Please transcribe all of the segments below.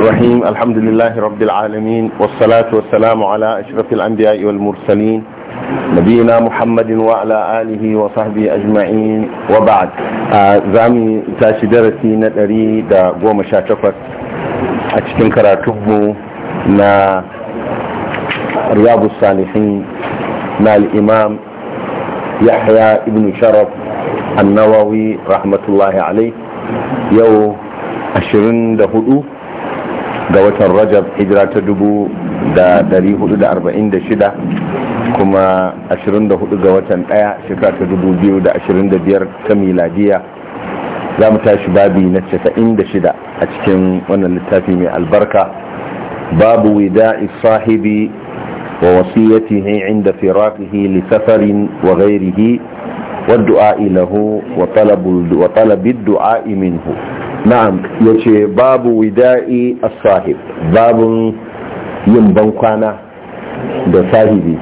الرحيم الحمد لله رب العالمين والصلاة والسلام على أشرف الأنبياء والمرسلين نبينا محمد وعلى آله وصحبه أجمعين وبعد آه، زامي تاشي درسي نتري دا قوم شاتفت أتشتن كراتبه نا رياض الصالحين نا الإمام يحيى ابن شرف النووي رحمة الله عليه يو أشرن دهدو ga watan rajab hijira ta dubu da dari hudu da arba'in da shida kuma ashirin da hudu ga watan daya shekara ta dubu biyu da ashirin da biyar ta miladiya za mu tashi babi na casa'in da shida a cikin wannan littafi mai albarka babu wida'i sahibi wa wasiyatihi inda firafihi li safarin wa ghairihi والدعاء wa وطلب الدعاء minhu na'am ya ce babu wida'i as-sahib babun yin bankwana da sahibi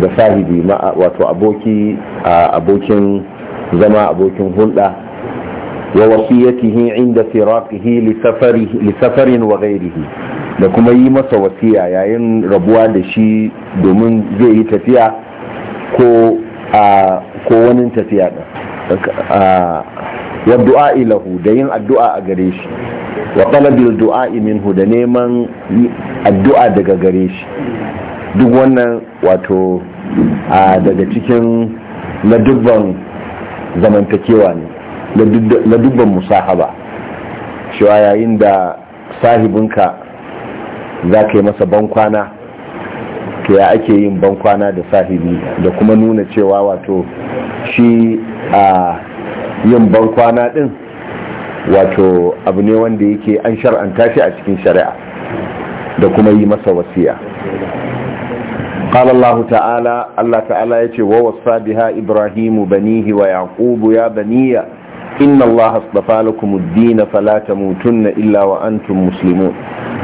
da sahibi wato aboki abokin zama abokin hulɗa wa wasiyatihi inda firaqihi li safari li safarin wa ghairihi da kuma yi masa wasiya yayin rabuwa da shi domin zai yi tafiya ko a ko wani tafiya wa du'a lahu da yin addu'a a gare shi wa talabil du'a minhu da neman addu'a daga gare shi duk wannan wato a daga cikin na dubban zamantakewa ne na dubban musahaba cewa yayin da sahibinka za ka yi masa bankwana to ya ake yin bankwana da sahibi da kuma nuna cewa wato shi a yin ban kwana din wato abu ne wanda yake an shar'anta shi a cikin shari'a da kuma yi masa wasiya qalallahu ta'ala allah ta'ala yace wa wasa biha ibrahimu banihi wa yaqubu ya baniya إن الله اصطفى لكم الدين فلا تموتن إلا وأنتم مسلمون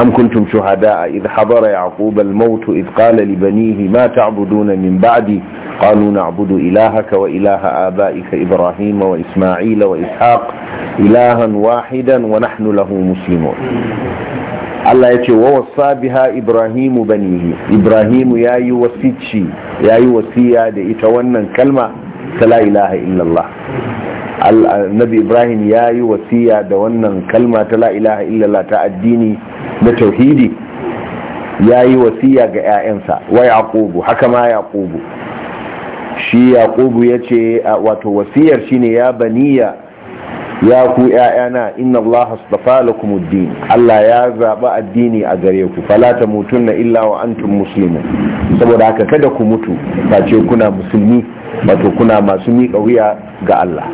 أم كنتم شهداء إذ حضر يعقوب الموت إذ قال لبنيه ما تعبدون من بعدي قالوا نعبد إلهك وإله آبائك إبراهيم وإسماعيل وإسحاق إلها واحدا ونحن له مسلمون الله ya ووصى بها إبراهيم بنيه إبراهيم يا يوسيتشي يا يوسيا دي ya كلمة فلا إله إلا الله annabi ibrahim ya yi wasiya da wannan kalma ta la ilaha illallah ta addini na tauhidi ya yi wasiya ga 'ya'yansa wa yaqubu haka ma yaqubu shi yaqubu ya ce wato wasiyar shine ya baniya ya ku 'ya'yana inna allaha astafa lakum ad-din Allah ya zaba addini a gare ku fala tamutunna illa wa antum muslimun saboda haka kada ku mutu ba ce kuna musulmi wato kuna masu miƙa wuya ga Allah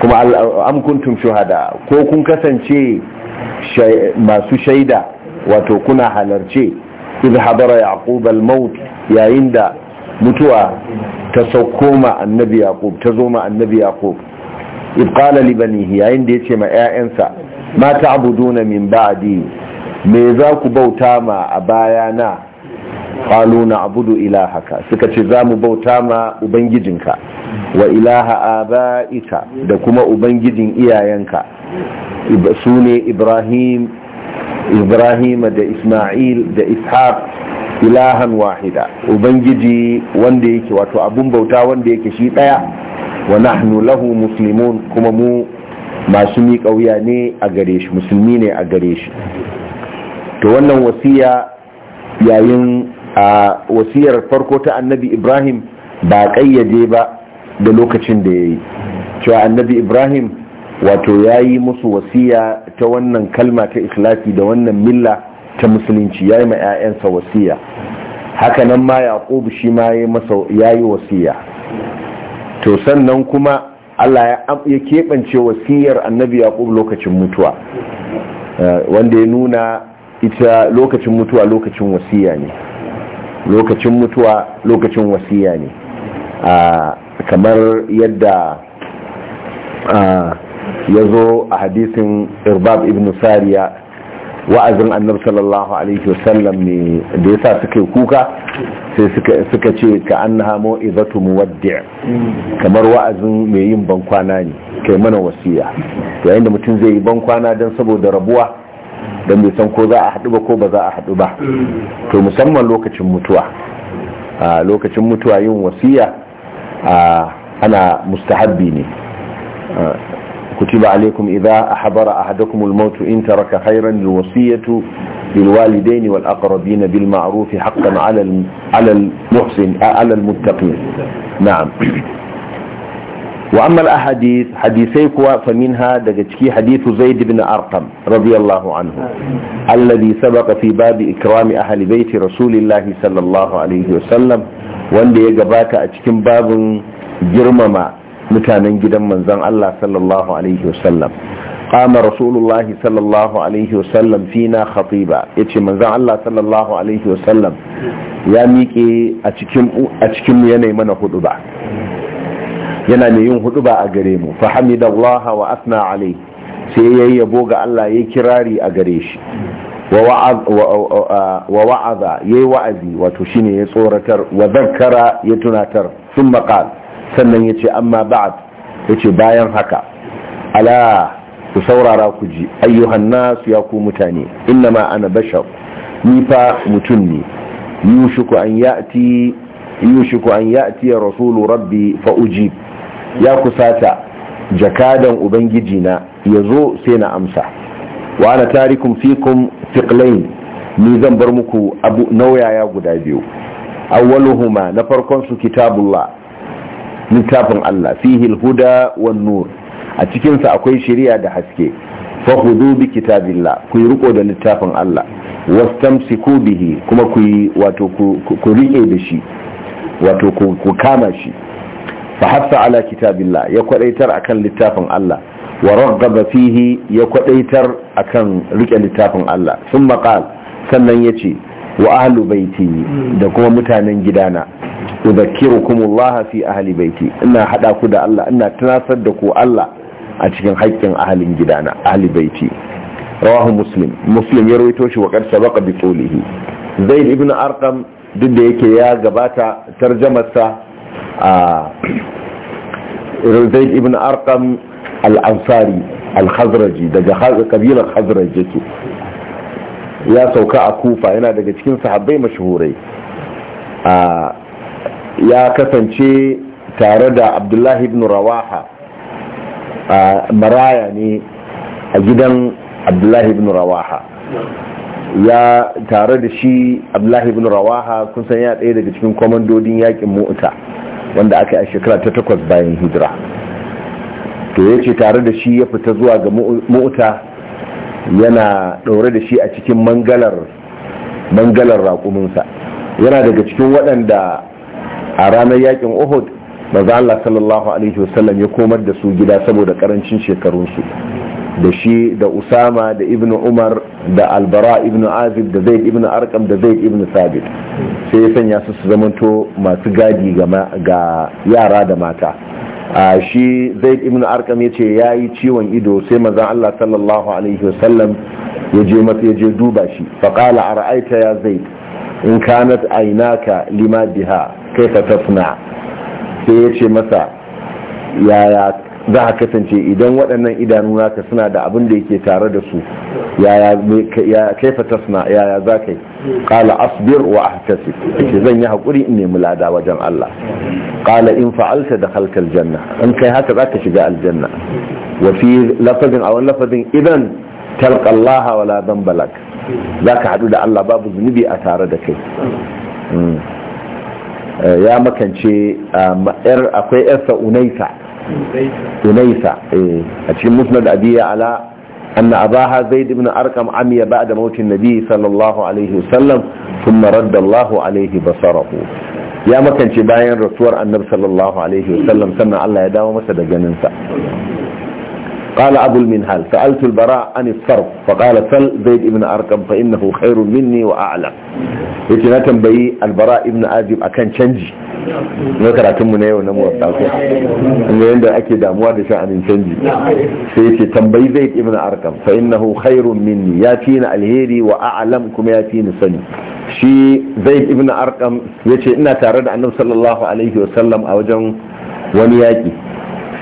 kuma amkuntum shuhada ko kun kasance masu shaida wato kuna halarce idh hadara yaqub al-maut yayin da mutuwa ta sauko ma annabi yaqub ta zo ma annabi yaqub ibqala li banihi yayin da yace ma ƴaƴansa ma ta'buduna min ba'di me za ku bauta ma a baya na? qalu na'budu ilahaka suka ce zamu bauta ma ubangijinka wa ilaha abaika da kuma ubangijin iyayenka sune ibrahim ibrahim da isma'il da ishaq ilahan wahida ubangiji wanda yake wato abun bauta wanda yake shi daya wa nahnu lahu muslimun kuma mu masu miƙa wuya ne a gare shi musulmi ne a gare shi to wannan wasiya yayin a wasiyar farko ta annabi ibrahim ba kayyade ba da lokacin da ya yi cewa annabi ibrahim wato ya yi musu wasiya ta wannan kalma ta ikhlasi da wannan milla ta musulunci ya yi ma 'ya'yansa wasiya hakanan ma yaqub shi ma ya yi wasiya to sannan kuma allah ya keɓance wasiyar annabi Yaƙubu lokacin mutuwa eh, wanda ya nuna ita lokacin mutuwa lokacin wasiya ne lokacin mutuwa lokacin wasiya ne kamar yadda ya zo a hadisin irbab ibn sariya wa'azin annab sallallahu alaihi wasallam ne da ya sa suka yi kuka sai suka ce ka an hamo izatu muwaddi' kamar wa'azin mai yin bankwana ne kai mana wasiya yayin da mutum zai yi bankwana don saboda rabuwa don bai san ko za a haɗu ba ko ba za a haɗu ba to musamman lokacin mutuwa a lokacin mutuwa yin wasiya a ana mustahabbi ne كتب alaikum idza ahbara ahadukum almaut in taraka khayran الوصية للوالدين walaqrabin bilma'ruf haqqan ala على المحسن على المتقين نعم wa amma al-ahadith hadisai kuwa minha daga ciki hadithu zaid ibn arqam radiyallahu anhu alladhi sabaqa fi bab ikram ahli bayti rasulillah sallallahu alaihi sallam wanda ya gabata a cikin babin girmama mutanen gidan manzon Allah sallallahu alaihi sallam قام رسول الله صلى الله عليه وسلم فينا خطيبا يتي منزان الله صلى الله عليه وسلم يا ميكي اتشكم اتشكم يني من ba. yana mai yin hudu ba a gare mu fa allah wa asna alai sai yayi yabo ga Allah yayi kirari a gare shi wa wa'aza yayi wa'azi wato shine ya tsoratar wa zakkara ya tunatar sun qal sannan yace amma ya ce bayan haka ala ku saurara ku ji ayyuhan nas ya ku mutane innama ana bashar ni fa mutum ne yushuku an ya'ti yushiku an ya'ti rasulu rabbi fa ujib ya kusata jakadan ubangiji na ya zo sai na amsa wa ana tarikum fikum thiqlain ni zan bar muku abu nauyaya guda biyu awwaluhuma na farkon su kitabullah littafin Allah fihi alhuda wan nur a cikin sa akwai shari'a da haske fa khudu bi kitabillah ku riko da littafin Allah wastamsiku bihi kuma ku wato ku rike da shi wato ku kama shi fa ala kitabillah ya kwadaitar akan littafin Allah wa raghaba fihi ya kwadaitar akan rike littafin Allah sun maqal sannan yace wa ahlu baiti da kuma mutanen gidana udhakkirukumullah fi ahli baiti ina hada ku da Allah ina tunasar da ku Allah a cikin haƙƙin ahalin gidana ahli baiti rawahu muslim muslim ya rawaito shi wa qad sabaqa bi qawlihi zaid ibn arqam duk da yake ya gabata tarjamarsa a ibn arkam al-ansari al-khazraji daga kabilar khazraj yake ya sauka a kufa yana daga cikin sahabbai mashahurai ya kasance tare da abdullahi ibn rawaha maraya ne a gidan abdullahi ibn rawaha ya tare da shi abdullahi ibn rawaha kun san ya tsaye daga cikin kwamandodin yakin Muta, wanda aka yi a shekara ta takwas bayan hijira to ya ce tare da shi ya fita zuwa ga Muta, yana ɗaure da shi a cikin mangalar mangalar raƙuminsa yana daga cikin waɗanda a ranar yakin uhud maza Allah sallallahu alaihi wasallam ya komar da su gida saboda ƙarancin shekarunsu da shi da usama da ibn umar da albara ibn azib da zaid ibn arkam da zaid ibn sabit sai ya sanya su su zamanto masu gadi ga yara da mata a shi zaid ibn arkam ya ce ya yi ciwon ido sai mazan allah sallallahu alaihi wasallam ya je masa ya je duba shi faƙala a ra'aita ya zaid in kanat ainaka lima biha kai ka tasna sai ya ce masa yaya za a kasance idan waɗannan idanu naka suna da abin da yake tare da su yaya kaifa tasna yaya za ka yi asbir wa ahtasib ce zan yi hakuri in nemi lada wajen Allah kala in fa'alta da halkar janna. in kai haka za ka shiga aljanna wa fi lafazin wani lafazin idan talqa Allah wala dhanbalak za ka haɗu da Allah babu zunubi a tare da kai hmm. eh, ya makance um, akwai yarsa unaisa unaysa a cikin musnad abi ala أن أباها زيد بن أرقم عمي بعد موت النبي صلى الله عليه وسلم ثم رد الله عليه بصره يا مكان باين رسول النبي صلى الله عليه وسلم سنة الله يداوم سدى جننسا قال أبو المنهل سألت البراء عن الصرف فقال سل زيد ابن أرقم فإنه خير مني وأعلم يتنا تنبي البراء ابن آدم أكان canji na karatun mu na yau na muwatta ko inda yanda ake damuwa da sha'anin canji sai yace tambayi zaid ibn arqam fa innahu khairun minni ya fi ni alheri wa a'lam kuma ya fi ni sani shi zaid ibn yace ina tare da annabi sallallahu alaihi wa sallam a wajen wani yaki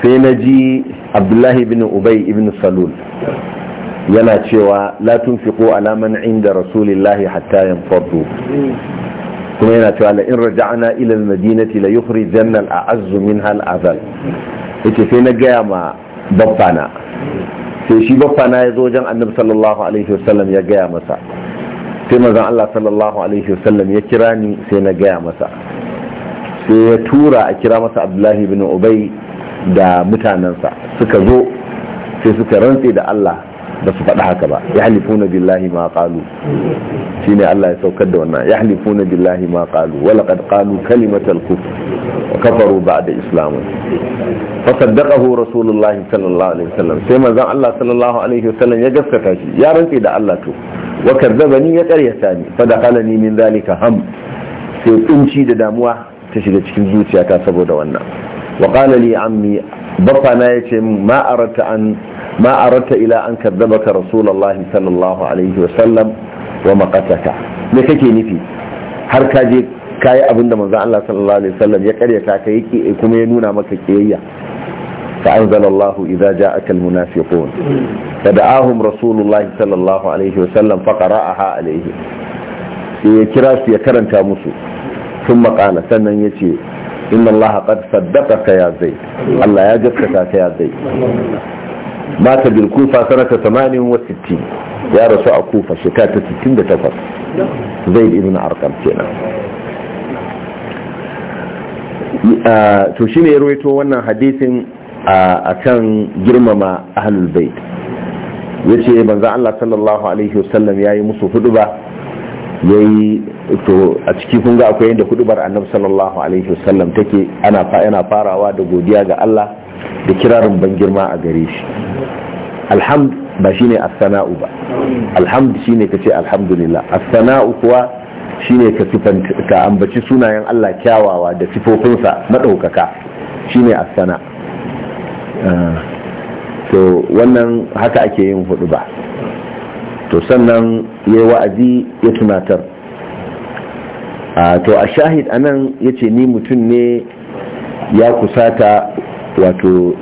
sai na ji abdullahi bin ubay ibn salul yana cewa la tunfiqu ala man inda rasulillahi hatta yanfadu kuma yana cewa la in raja'na ila almadinati la yukhrijanna al'azz minha al'azal yace sai na gaya ma babbana sai shi babbana ya zo wajen annabi sallallahu alaihi wasallam ya gaya masa sai manzon Allah sallallahu alaihi wasallam ya kira ni sai na gaya masa sai ya tura a kira masa abdullahi bin ubay da mutanansa suka zo sai suka rantse da Allah da su faɗi haka ba ya halifuna billahi ma qalu shine Allah ya saukar da wannan ya halifuna billahi ma qalu wa laqad qalu kalimatal kufr wa kafaru ba'da islam fa saddaqahu rasulullah sallallahu alaihi wasallam sai manzon Allah sallallahu alaihi wasallam ya gaskata shi ya rantse da Allah to wa kadzabani ya qaryata ni fa dakhalani min zalika ham sai kunci da damuwa ta shiga cikin zuciyata saboda wannan wa qala li ammi baffa na ya ce ma arata an ila an kazzabaka rasulullahi sallallahu alaihi wa sallam wa maqataka me kake nufi har ka je kayi abinda manzon Allah sallallahu alaihi wasallam ya karyata ka yake kuma ya nuna maka kiyayya Ka fa anzalallahu idza ja'aka almunafiqun fada'ahum rasulullahi sallallahu alaihi wasallam fa qara'aha alaihi sai ya kira su ya karanta musu sun maƙala sannan ya ce inna Allah qad saddaqaka ya zai Allah ya gaskata ka ya zai mata bil kufa sanata 68 ya rasu a kufa shekara ta 68 zaid ibn arqam kenan ah, to shine ya rawaito wannan hadisin a ah, kan girmama ahlul bait yace manzo Allah sallallahu alaihi wasallam yayi musu ba? yayi to a ciki kun ga akwai yadda hudubar annabi sallallahu alaihi wasallam take ana yana farawa da godiya ga Allah da kirarin ban girma a gare shi alhamd ba shine as-sana'u ba alhamd shine kace alhamdulillah as-sana'u kuwa shine ka ka ambaci sunayen Allah kyawawa da sifofinsa madaukaka shine as-sana ah, to wannan haka ake yin hudu ba to sannan ya wa'azi ya tunatar to a shahid anan ya ce ni mutum ne ya kusata wato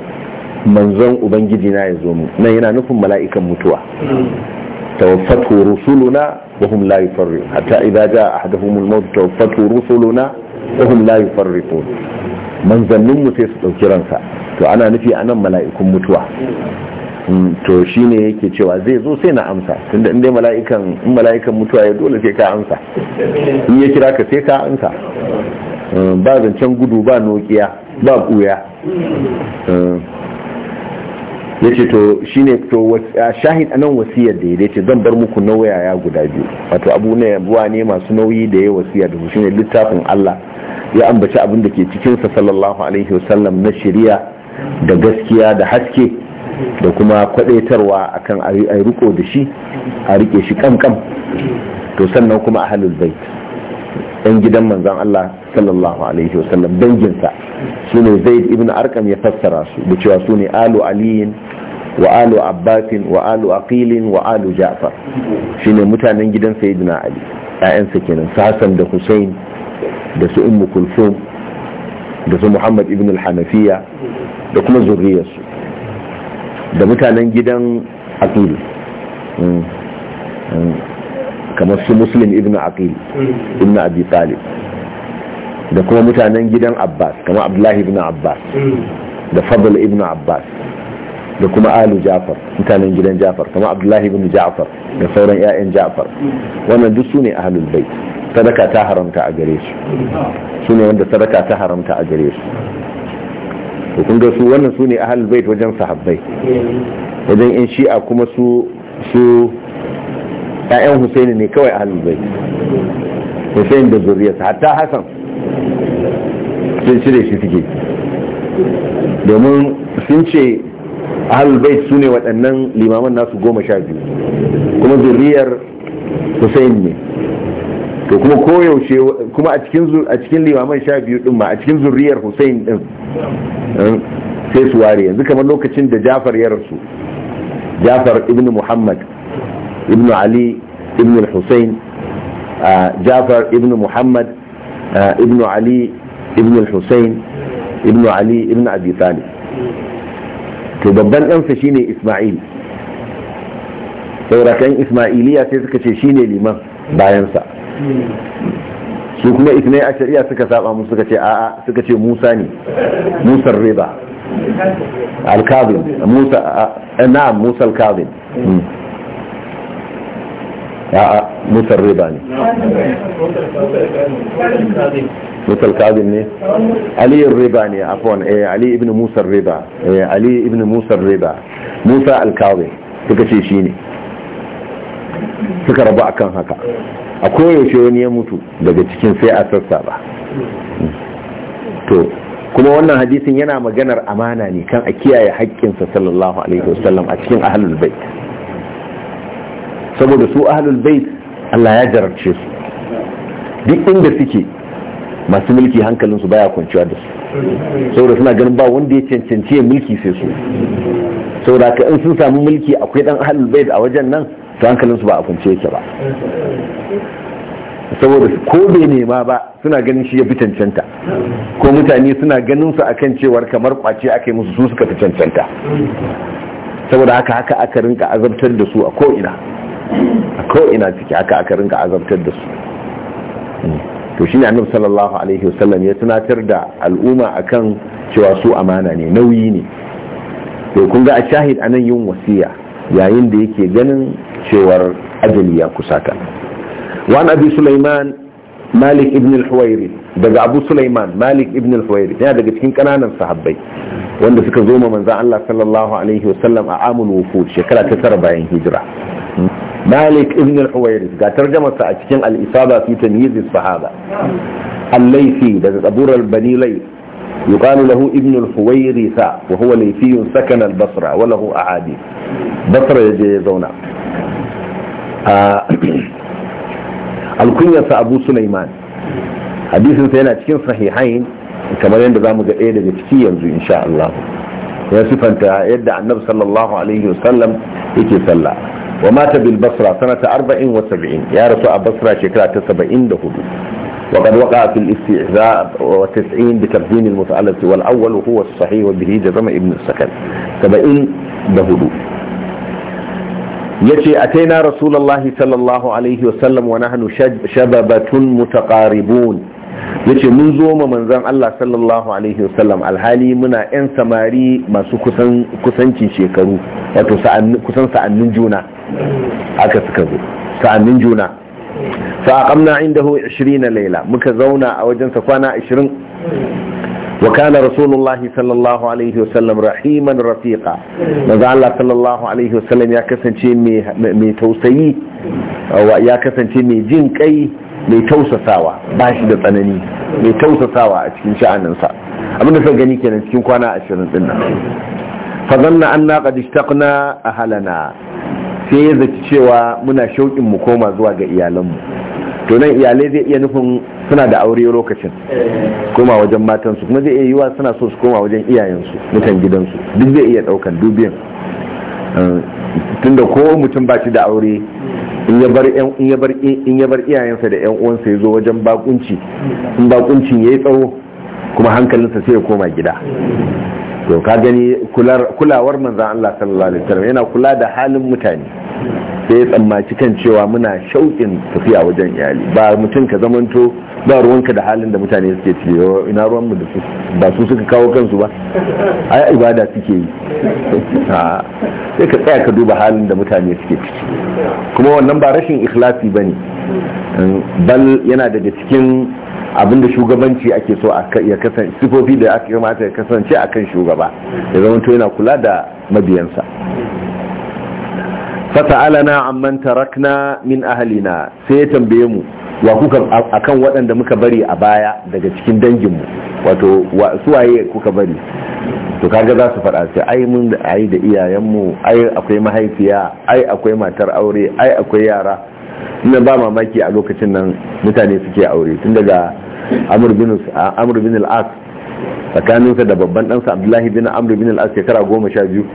manzon ubangiji na ya zo mu nan yana nufin mala'ikan mutuwa tawaffatu rusuluna wa hum la yufarriqun hatta idza jaa ahaduhum al-maut tawaffatu rusuluna wa hum la yufarriqun manzannin mu sai su dauki ransa to ana nufi anan mala'ikun mutuwa Mm, to shi ne yake cewa zai zo sai na amsa tunda in mala'ikan mala'ikan mutuwa ya dole sai ka amsa in ya kira ka sai ka amsa mm, ba zancen gudu ba nokiya ba kuya mm. ya ce to shi ne to shahid anan wasiyar da ya ce zan bar muku ya guda biyu wato abu ne buwa ne masu nauyi da ya wasiya da su ne littafin Allah ya ambaci abin da ke cikinsa sallallahu alaihi wasallam na shari'a da gaskiya da haske da kuma kwadaitarwa akan a riko da shi a rike shi kamkam to sannan kuma a halin bait yan gidan manzan Allah sallallahu alaihi wasallam danginsa su ne zaid ibn arkam ya fassara su da cewa su ne alu aliyin wa alu abbasin wa alu aqilin wa alu ja'far shine mutanen gidan sayyidina ali ƴaƴansa kenan su da hussain da su ummu kulsum da su muhammad ibn al-hanafiya da kuma zurriyarsu da mutanen gidan aqil mm. Mm. kamar su muslim ibn aqil mm. ibn abi talib da kuma mutanen gidan abbas kamar abdullahi ibn abbas da fadl ibn abbas da kuma alu jafar mutanen gidan jafar kamar abdullahi ibn jafar da sauran 'ya'yan jafar wannan duk su ne ahlul bait sadaka ta haramta a gare su su ne wanda sadaka ta haramta a gare su to kun ga su wannan su ne ahal bait wajen sahabbai wajen yan shi'a kuma su su ƴaƴan husaini ne kawai ahal bait husain da zuriyarsa hatta hasan sun cire shi suke domin sun ce ahal bait su ne waɗannan limaman nasu goma sha biyu kuma zuriyar husaini ne to kuma koyaushe kuma a cikin a cikin limaman sha biyu din ma a cikin zuriyar Hussein din eh, sai su ware yanzu kamar lokacin da Jafar ya rasu Jafar ibn Muhammad ibn Ali ibn Hussein eh, Jafar ibn Muhammad eh, ibn Ali ibn Hussein ibn Ali ibn Abi Talib to babban ɗansa shine Ismail saurakan Ismailiya sai suka ce shine liman bayansa su kuma itinai a shari'a suka saba mu suka ce a'a suka ce musa ne musar riba alkazin musa na musa al alkazin hmm. a'a musar riba ne musar kazin ne ali riba ne afon eh, ali ibn musar riba eh, ali ibn musar riba musa al alkazin suka ce shi ne suka rabu akan haka a koyaushe wani ya mutu daga cikin sai a sassa ba to kuma wannan hadisin yana maganar amana ne kan a kiyaye haƙƙinsa sallallahu alaihi wasallam a cikin ahlul bait saboda su ahlul bait Allah ya jarabce su duk inda suke masu mulki su baya kwanciya da su saboda suna ganin ba wanda ya cancanci ya mulki sai su saboda ka in sun samu mulki akwai dan ahlul bait a wajen nan ta hankalinsu ba a kwance yake ba saboda ko bai nema ba suna ganin shi ya fi cancanta ko mutane suna ganin su akan cewar kamar kwace aka yi musu su suka fi cancanta saboda haka haka aka rinka azabtar da su a ko'ina a ko'ina ciki haka aka rinka azabtar da su to shi ne annabi sallallahu alaihi wasallam ya tunatar da al'umma akan cewa su amana ne nauyi ne to kun ga a shahid anan yin wasiya yayin da yake ganin cewar ajali ya kusaka wani abu sulaiman malik ibn al-huwairi daga abu sulaiman malik ibn al-huwairi ya daga cikin kananan sahabbai wanda suka zo ma manzan Allah sallallahu alaihi wasallam a amul wufud shekara ta tara bayan hijira malik ibn al-huwairi ga sa a cikin al-isaba fi tamyiz as-sahaba al-laythi daga al bani layth يقال له ابن الحويرث وهو ليثي سكن البصرة وله أعادي بصرة يجي زونا alkunyarsa abu sulaiman hadisinsa yana cikin sahihain kamar yadda za mu ga ɗaya daga ciki yanzu insha Allah ya sifanta yadda annabi sallallahu alaihi wasallam yake sallah wa mata bil basra sanata 74 ya rasu a basra shekara ta 74 وقد وقع في الاستعزاء وتسعين بتقديم المثالث والأول هو الصحيح وبه جزم ابن السكن سبعين بهدوء yace ataina rasulullahi sallallahu alaihi wasallam wa nahnu shababatun mutaqaribun yace mun zo ma manzon Allah sallallahu alaihi wasallam alhali muna yan samari masu kusan kusancin shekaru wato kusan sa'annin juna aka suka zo sa'annin juna fa aqamna indahu 20 layla muka zauna a wajensa kwana 20 وكان رسول الله صلى الله عليه وسلم رحيما رفيقا ماذا الله صلى الله عليه وسلم يا كسنتي مي توسيي يا كسنتي مي جين mai tausasawa Bashi da tsanani mai tausasawa a cikin sha'aninsa abinda sun gani kenan cikin kwana ashirin din nan fazanna anna qad ishtaqna ahlana sai ya zaci cewa muna shauƙin mu koma zuwa ga iyalan mu. to nan iyalai zai iya nufin suna da aure lokacin koma wajen matansu kuma zai iya yiwa suna so su koma wajen iyayensu mutan gidansu duk zai iya daukan dubiyan eh, tunda ko mutum ba shi da aure in ya bar iyayensa da 'yan uwansa ya zo wajen bakunci in bakuncin ya yi tsawo kuma hankalinsa sai ya koma gida to ka gani kulawar manzan Allah sallallahu alaihi wasallam yana kula da halin mutane sai ya tsammaci kan cewa muna shauƙin tafiya wajen iyali ba mutum ka zamanto ba ruwanka da halin da mutane suke ciki ina ruwanmu da su ba su suka kawo kansu ba ai ibada suke yi sai ka tsaya ka duba halin da mutane suke ciki kuma wannan ba rashin ikhlasi ne bal yana daga cikin abin da shugabanci ake so ya kasance sifofi da aka kamata ya kasance akan shugaba ya zama to yana kula da mabiyansa fata'alana amman tarakna min ahlina sai ya tambaye mu wa kuka akan waɗanda muka bari a baya daga cikin danginmu wato waye kuka bari to kaga za su faɗa sai ai mun da ai da iyayenmu ai akwai mahaifiya ai akwai matar aure ai akwai yara ina ba mamaki a lokacin nan mutane suke aure tun daga amr bin al-as tsakaninsa da babban ɗansa abdullahi bin Amru bin al'as shekara goma sha biyu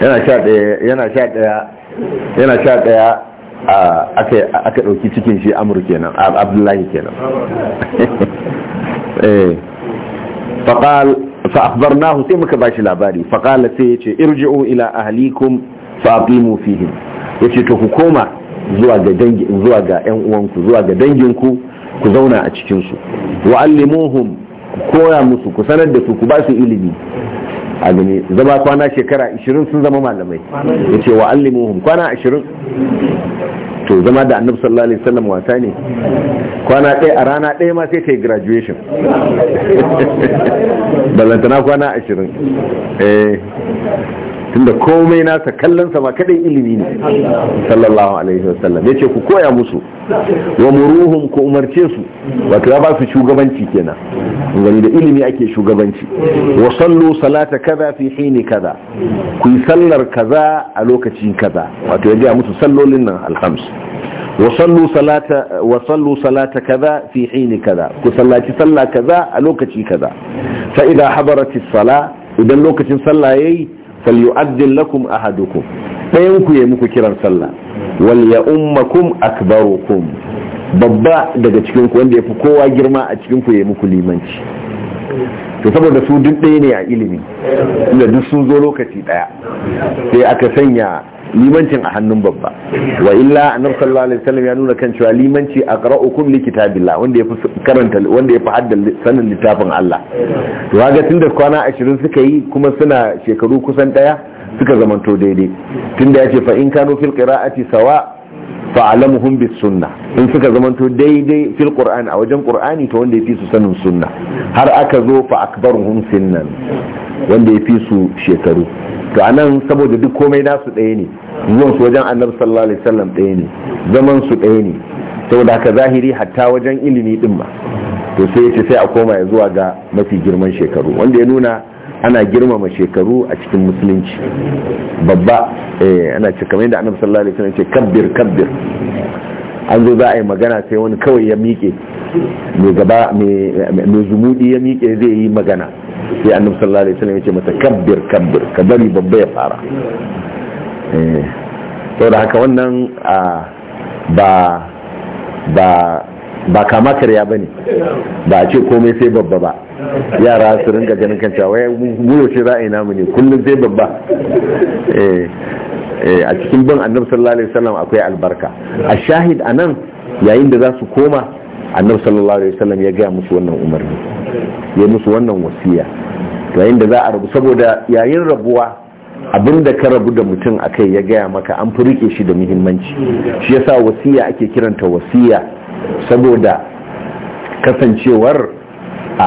eh, yana sha ɗaya aka ɗauki cikin shi amru kenan abdullahi kenan eh, fa'akbar nahu sai muka bashi labari faƙala sai ya ce irji'u ila ahalikum fa'imu fihim ya ce to ku koma zuwa ga 'yan uwanku zuwa ga danginku ku zauna a cikinsu allimuhum koya musu ku sanar da su ku ba su ilimi a gani zama kwana shekara 20 sun zama malamai ya ce allimuhum kwana 20 to zama da annabi sallallahu alaihi wasallam wata ne kwana ɗaya a rana ɗaya ma sai ta yi graduation ballantana kwana 20 eh tunda komai nasa kallonsa ba kadai ilimi ne sallallahu alaihi wasallam ce ku koya musu wa muruhum ku umarce su wato ya ba su shugabanci kenan gani da ilimi ake shugabanci wa sallu salata kaza fi hini kaza ku yi sallar kaza a lokacin kaza wato ya ga musu sallolin nan alhams wa sallu salata wa sallu salata kaza fi hini kaza ku sallaci sallah kaza a lokaci kaza fa idza hadarat sala idan lokacin sallah yayi falyu'azzin lakum ahadukum ɗayan ku ya muku kiran sallah wal ya ummakum akbarukum babba daga cikin ku wanda yafi kowa girma a cikin ku ya muku limanci to saboda su duk ɗaya ne a ilimi inda duk sun zo lokaci ɗaya sai aka sanya limancin a hannun babba wa illa annabi sallallahu alaihi wasallam ya nuna kan cewa limanci a li kitabillah wanda yafi karanta wanda yafi hadda sanin littafin Allah to kaga tunda kwana 20 suka yi kuma suna shekaru kusan daya suka zamanto daidai tunda yace fa in kanu fil qira'ati sawa' fa'alamuhum bis sunna in suka zamanto daidai fil qur'an a wajen qur'ani to wanda yafi su sanin sunna har aka zo fa akbaruhum sinnan wanda yafi su shekaru to anan saboda duk komai nasu ɗaya ne zuwan su wajen annabi sallallahu alaihi wasallam ɗaya ne zaman su ɗaya ne saboda haka zahiri hatta wajen ilimi din ma, to sai yace sai a koma ya zuwa ga mafi girman shekaru wanda ya nuna ana girmama shekaru a cikin musulunci babba eh, ana ce kamar yadda annabi sallallahu alaihi wasallam ce kabbir kabbir an zo za a yi magana sai wani kawai ya miƙe mai gaba mai zumudi ya miƙe zai yi magana sai annabi sallallahu alaihi wasallam ya ce mata kabbir kabbir ka bari babba ya fara eh, saboda haka wannan ah, ba ba ba kama karya ba ne ba a ce komai sai babba ba yara su ringa ganin kanta wai mu ce za a yi namu ne kullum sai babba eh, eh, a cikin bin annabi sallallahu alaihi wasallam akwai albarka a shahid anan yayin da za su koma annabi sallallahu alaihi wasallam ya gaya musu wannan umarni ya musu wannan wasiya yayin da za a rabu saboda yayin rabuwa abinda ka rabu da mutum akai ya gaya maka an fi rike shi da muhimmanci shi yasa wasiya ake kiranta wasiya saboda kasancewar a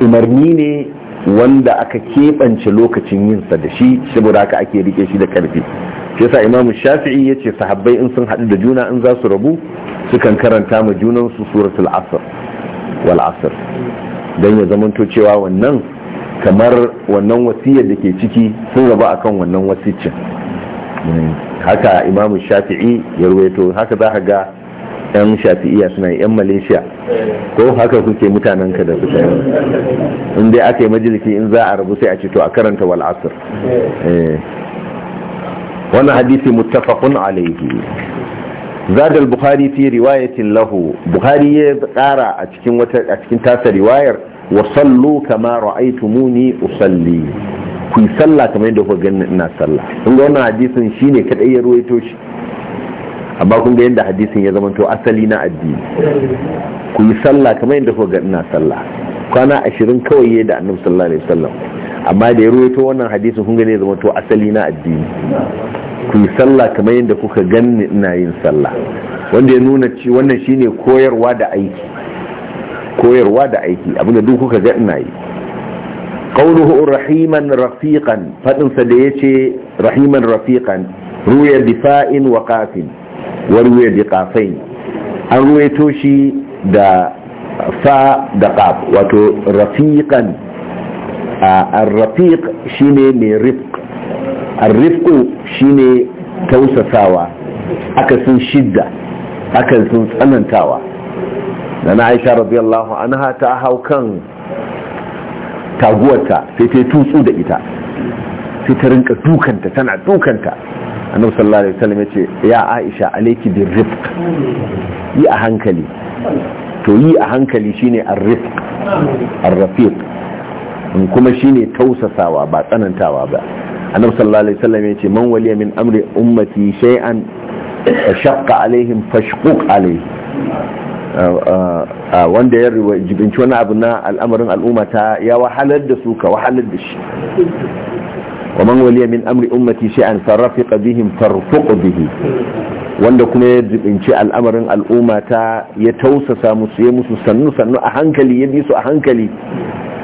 umarni ne wanda aka keɓance lokacin yinsa da shi saboda haka ake rike shi da ƙarfi shi yasa imam shafi'i ya ce sahabbai in sun haɗu da juna in za su rabu sukan karanta ma junansu suratul asr wal asr don ya zamanto cewa wannan kamar wannan wasiyar da ke ciki sun rabu akan wannan wasicin haka imam shafi'i ya ruwaito haka za ka ga yan shafi'iya suna yan malaysia ko haka kuke mutanen ka da suka yi in dai aka yi majalisi in za a rabu sai a ce to a karanta wal asr eh. wannan hadisi muttafaqun alayhi zada al-bukhari fi riwayatin lahu bukhari ya kara a cikin wata a cikin tasa riwayar wa sallu kama ra'aytumuni usalli ku sallah kamar yadda kuka ganna ina sallah kun ga wannan hadisin shine kadai ya ruwaito shi amma kun ga yadda hadisin ya to asali na addini ku yi sallah kamar yadda kuka ga ina sallah kwana ashirin kawai ya da annabi sallallahu alaihi wasallam amma da ya ruwaito wannan hadisin kun ga ne to asali na addini ku yi sallah kamar yadda kuka ganni ina yin sallah wanda ya nuna ci wannan shine koyarwa da aiki koyarwa da aiki abinda duk kuka ga ina yi qawluhu rahiman rafiqan fadin sa da yace rahiman rafiqan ruya difa'in wa qafin warwe da an ruwaito shi da fa da qaf wato rafiqan ar-rafiq shine mai rifq ar-rifq shine tausasawa akasin shidda akasin tsanantawa da na aisha radiyallahu anha ta hau kan taguwarta sai ta tutsu da ita sai ta rinka dukanta tana dukanta annabi sallallahu alaihi wasallam yace ya aisha alayki birrifq yi a hankali to yi a hankali shine arrifq arrafiq kuma shine tausasawa ba tsanantawa ba annabi sallallahu alaihi wasallam yace man waliya min amri ummati shay'an shaqqa alaihim fashquq alaihi uh, uh, uh, wanda ya jibinci wani abu na al'amarin al'umma ta ya wahalar da su ka wahalar da shi wa man waliya min amri ummati shay'an farrafiqa bihim farfuq bihi wanda kuma ya jibinci al'amarin al'umma ta ya tausasa musu ya musu sannu sannu a hankali ya bi su a hankali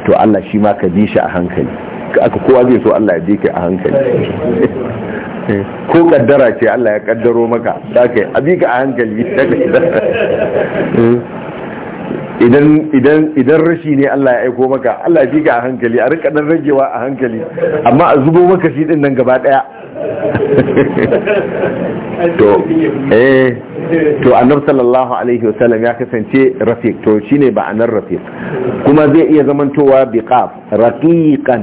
to Allah shi ma ka bi shi a hankali aka kowa zai so Allah ya bi ka a hankali ko kaddara ce Allah ya kaddaro maka a bi ka a hankali idan rashi ne Allah ya aiko maka Allah ya fika a hankali a rika dan ragewa a hankali amma a zubo maka shi din nan gaba daya to eh to annabi sallallahu alaihi wasallam ya kasance rafiq to shine ba anan rafiq kuma zai iya zamantowa biqaf raqiqan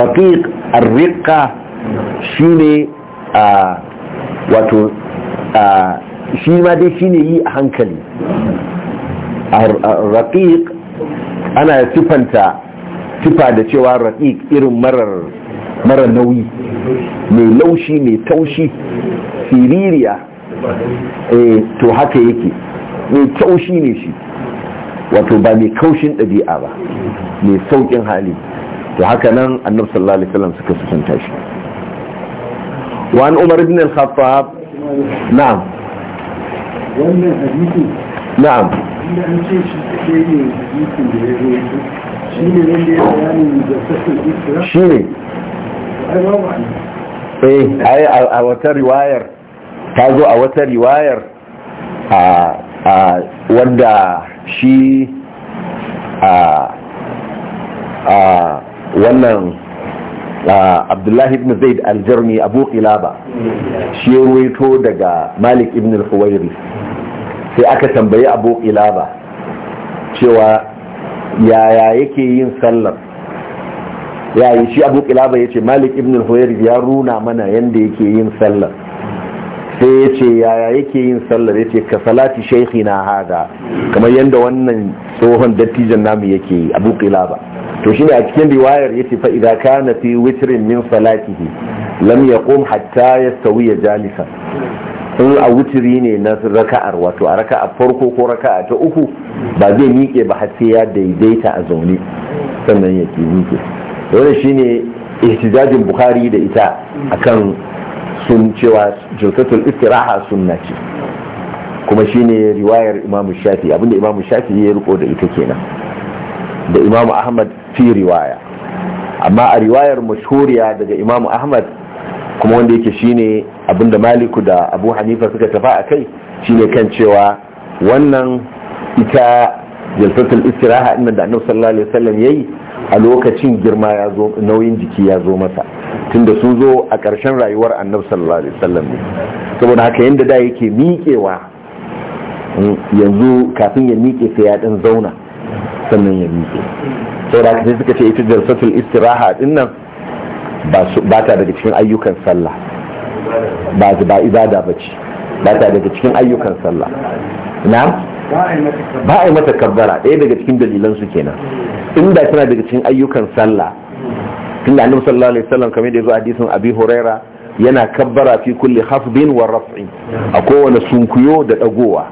raqiq arriqa shine a wato shi ma dai shine yi a hankali raqiq ana sifanta sifa da cewa raqiq irin marar nauyi mai laushi mai taushi siririya eh, to haka yake mai taushi ne shi wato ba mai kaushin ɗabi'a ba mai sauƙin hali to haka nan annab sallallahu alaihi wasallam suka sukanta shi wa an umar ibn al-khattab na'am wannan hadisi na'am shi ne eh a wata riwayar ta zo a wata riwayar a wanda shi a wannan abdullahi ibn zaid aljarmi abu kilaba shi ya daga malik ibn al khawairi sai aka tambayi abu ilaba cewa yaya yake yin sallar yayi shi abu ilaba ya ce malik ibn al-huwair ya runa mana yadda yake yin sallar sai ya ce yaya yake yin sallar ya ce ka salati shaikhi na hada kamar yadda wannan tsohon dattijan namu yake yi abu ilaba to shine a cikin riwayar ya ce fa'ida kana fi witirin min salatihi lam ya hatta ya sauya jalisan in a wutiri ne na raka'ar wato a raka'a farko ko raka'a ta uku ba zai miƙe ba har sai ya daidaita a zaune sannan ya ke miƙe shi shine ihtijajin bukhari da ita akan sun cewa jalsatul istiraha sunna ce kuma shi ne riwayar imamu shafi abinda imamu shafi ya riko da ita kenan da imamu ahmad fi riwaya amma a riwayar mashuriya daga imamu ahmad kuma wanda yake shine abinda maliku da abu hanifa suka tafa a kai shine kan cewa wannan ita jalsatul istiraha inda da annabi sallallahu alaihi wasallam yayi a lokacin girma ya zo nauyin jiki ya zo masa tunda sun zo a ƙarshen rayuwar annabi sallallahu alaihi wasallam ne saboda haka yanda da yake miƙewa mm, yanzu kafin ya miƙe sai ya dan zauna sannan ya miƙe saboda haka sai suka ce ita jalsatul istiraha dinnan nan ba ta daga cikin ayyukan sallah ba ba ibada ba ce ba ta daga cikin ayyukan sallah na ba a yi mata kabbara ɗaya daga cikin dalilansu kenan inda tana daga cikin ayyukan sallah da annabi sallallahu alaihi wasallam kamar da yazo hadisin abi huraira yana kabbara fi kulli hafdin wa raf'in a kowane sunkuyo da dagowa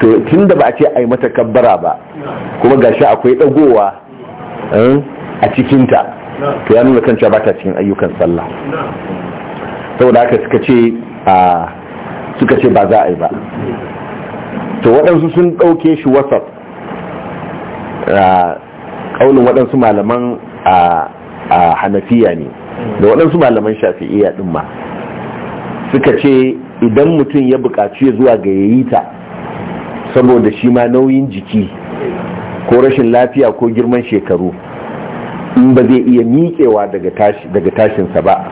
to tunda ba a ce yi mata kabbara ba kuma gashi akwai dagowa eh, a cikin ta to ya nuna kan cewa ba cikin ayyukan sallah saboda haka suka ce a suka ce ba za a yi ba to waɗansu sun ɗauke shi wasaf ƙaunin waɗansu malaman a hanafiya ne da waɗansu malaman shafi'iya ɗin ma suka ce idan mutum ya buƙaci zuwa ga yayi ta saboda shi ma nauyin jiki ko rashin lafiya ko girman shekaru in ba zai iya miƙewa daga tashinsa ba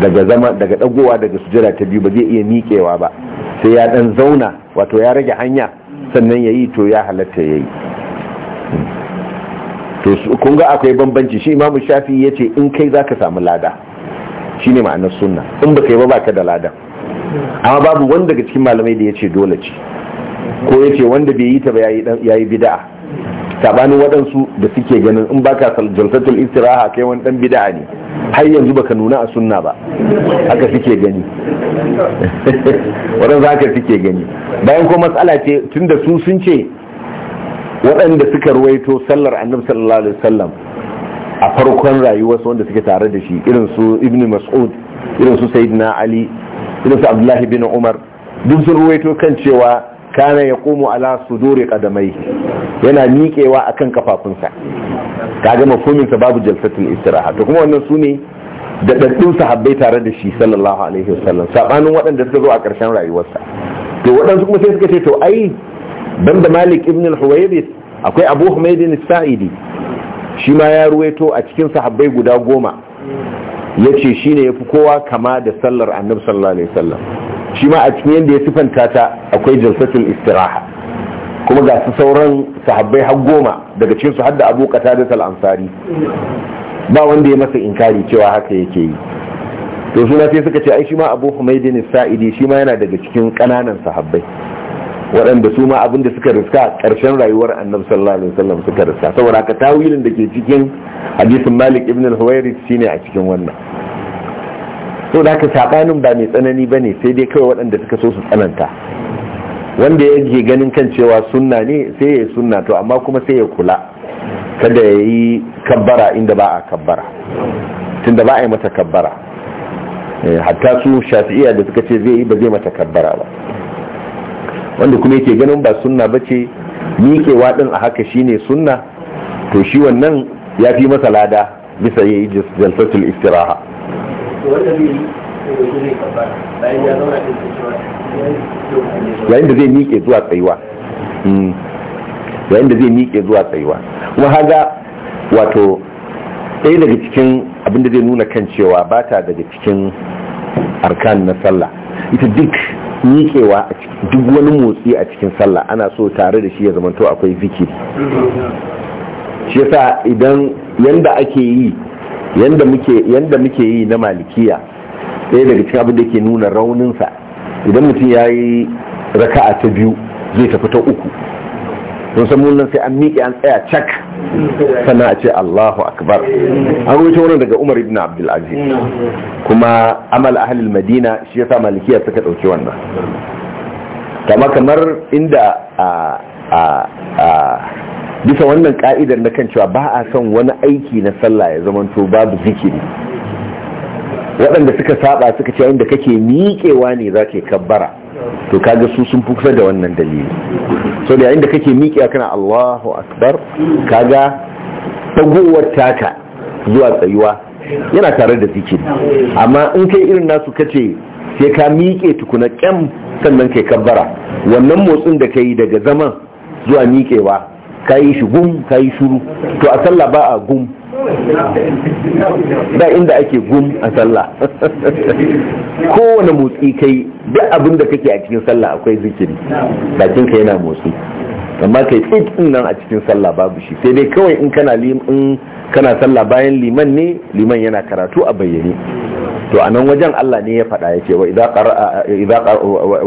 daga zama daga dagowa daga sujada ta biyu ba zai iya miƙewa ba sai ya dan zauna wato ya rage hanya sannan ya yi to ya halatta ya yi to kun ga akwai bambanci shi imamu shafi ya ce in kai za ka samu lada shi ne ma'anar sunna in ba kai ba ba ka da lada amma babu wanda daga cikin malamai da ya ce dole ce ko ya ce wanda bai yi ta ba ya yi bida'a sabanin waɗansu da suke ganin in baka jalsatul istiraha kai wani dan bid'a ne har yanzu baka nuna a sunna ba haka suke gani waɗansu haka suke gani bayan ko matsala ce tunda su sun ce waɗanda suka ruwaito sallar annabi sallallahu alaihi wasallam a farkon rayuwarsu wanda suke tare da shi irin su mas'ud irin su sayyidina ali irin abdullahi bin umar duk sun ruwaito kan cewa kana ya komo ala dore kadamai yana miƙewa akan kafafunsa kaga kominsa babu Jalsatin istiraha to kuma wannan su ne da sahabbai tare da shi sallallahu alaihi wasallam sabanin waɗanda suka zo a ƙarshen rayuwarsa to waɗansu kuma sai suka ce to ai banda malik ibn al-huwaybis akwai abu humaydin sa'idi shi ma ya ruwaito a cikin sahabbai guda goma yace shine yafi kowa kama da sallar annabi sallallahu alaihi wasallam shi ma a cikin yadda ya sifanta ta akwai jalsatul istiraha kuma ga su sauran sahabbai har goma daga cikin su da abu da al ansari ba wanda ya masa inkari cewa haka yake yi to suna sai suka ce ai shi ma abu ne sa'idi shi ma yana daga cikin kananan sahabbai waɗanda su ma abinda suka riska ƙarshen rayuwar annabi sallallahu alaihi wasallam suka riska saboda haka tawilin da ke cikin hadisin malik ibn al-huwairi shine a cikin wannan so da ka saɓanin ba mai tsanani ba ne, sai dai kawai waɗanda suka so su tsananta wanda ya yake ganin kan cewa sunna ne sai ya sunna to amma kuma sai ya kula kada ya yi kabbara inda ba a kabbara da ba a yi mata kabbara eh, hatta su shafi'iya da suka ce zai yi ba zai mata kabbara ba wanda kuma yake ganin ba sunna ba ce ke ɗin a haka shi ne sunna to shi wannan ya fi masa lada bisa yi jalsatul istiraha yayin da zai miƙe zuwa tsayuwa hmm. yayin da zai miƙe zuwa tsayuwa wa haga wato ɗaya daga cikin abinda zai nuna kan cewa ba ta daga cikin arkan na sallah ita duk miƙewa duk wani motsi a cikin sallah ana so tare da shi ya zamanto akwai zikiri mm-hmm. shi yasa idan yanda ake yi yanda muke yanda muke yi na malikiya ɗaya daga cikin abin da ke nuna rauninsa idan mutum ya yi raka'a ta biyu zai tafi ta uku don san nan sai an miƙe an tsaya cak sana a ce allahu akbar an rubuta wannan daga umar ibn aziz, kuma amal ahalil madina shi yasa malikiya suka ɗauki wannan kama kamar inda bisa wannan ka'idar na kan cewa ba a son wani aiki na sallah ya zamanto babu zikiri waɗanda suka saba suka ce inda kake miƙewa ne za ka kabbara to kaga su sun fi da wannan dalili so da yayin da kake miƙewa kana allahu akbar kaga taguwar taka zuwa tsayuwa yana tare da zikiri amma in kai irin nasu kace sai ka miƙe tukuna ƙyam sannan kai kabbara wannan motsin da ka yi daga zaman zuwa miƙewa ka yi shi gum ka yi shuru to a sallah ba a gum ba inda ake gum a sallah kowane motsi kai duk abin kake a cikin sallah akwai zikiri bakin yana motsi amma kai tsit nan a cikin sallah babu shi sai dai kawai in kana in kana sallah bayan liman ne liman yana karatu a bayyane to a nan wajen Allah ne ya faɗa ce wa idza qara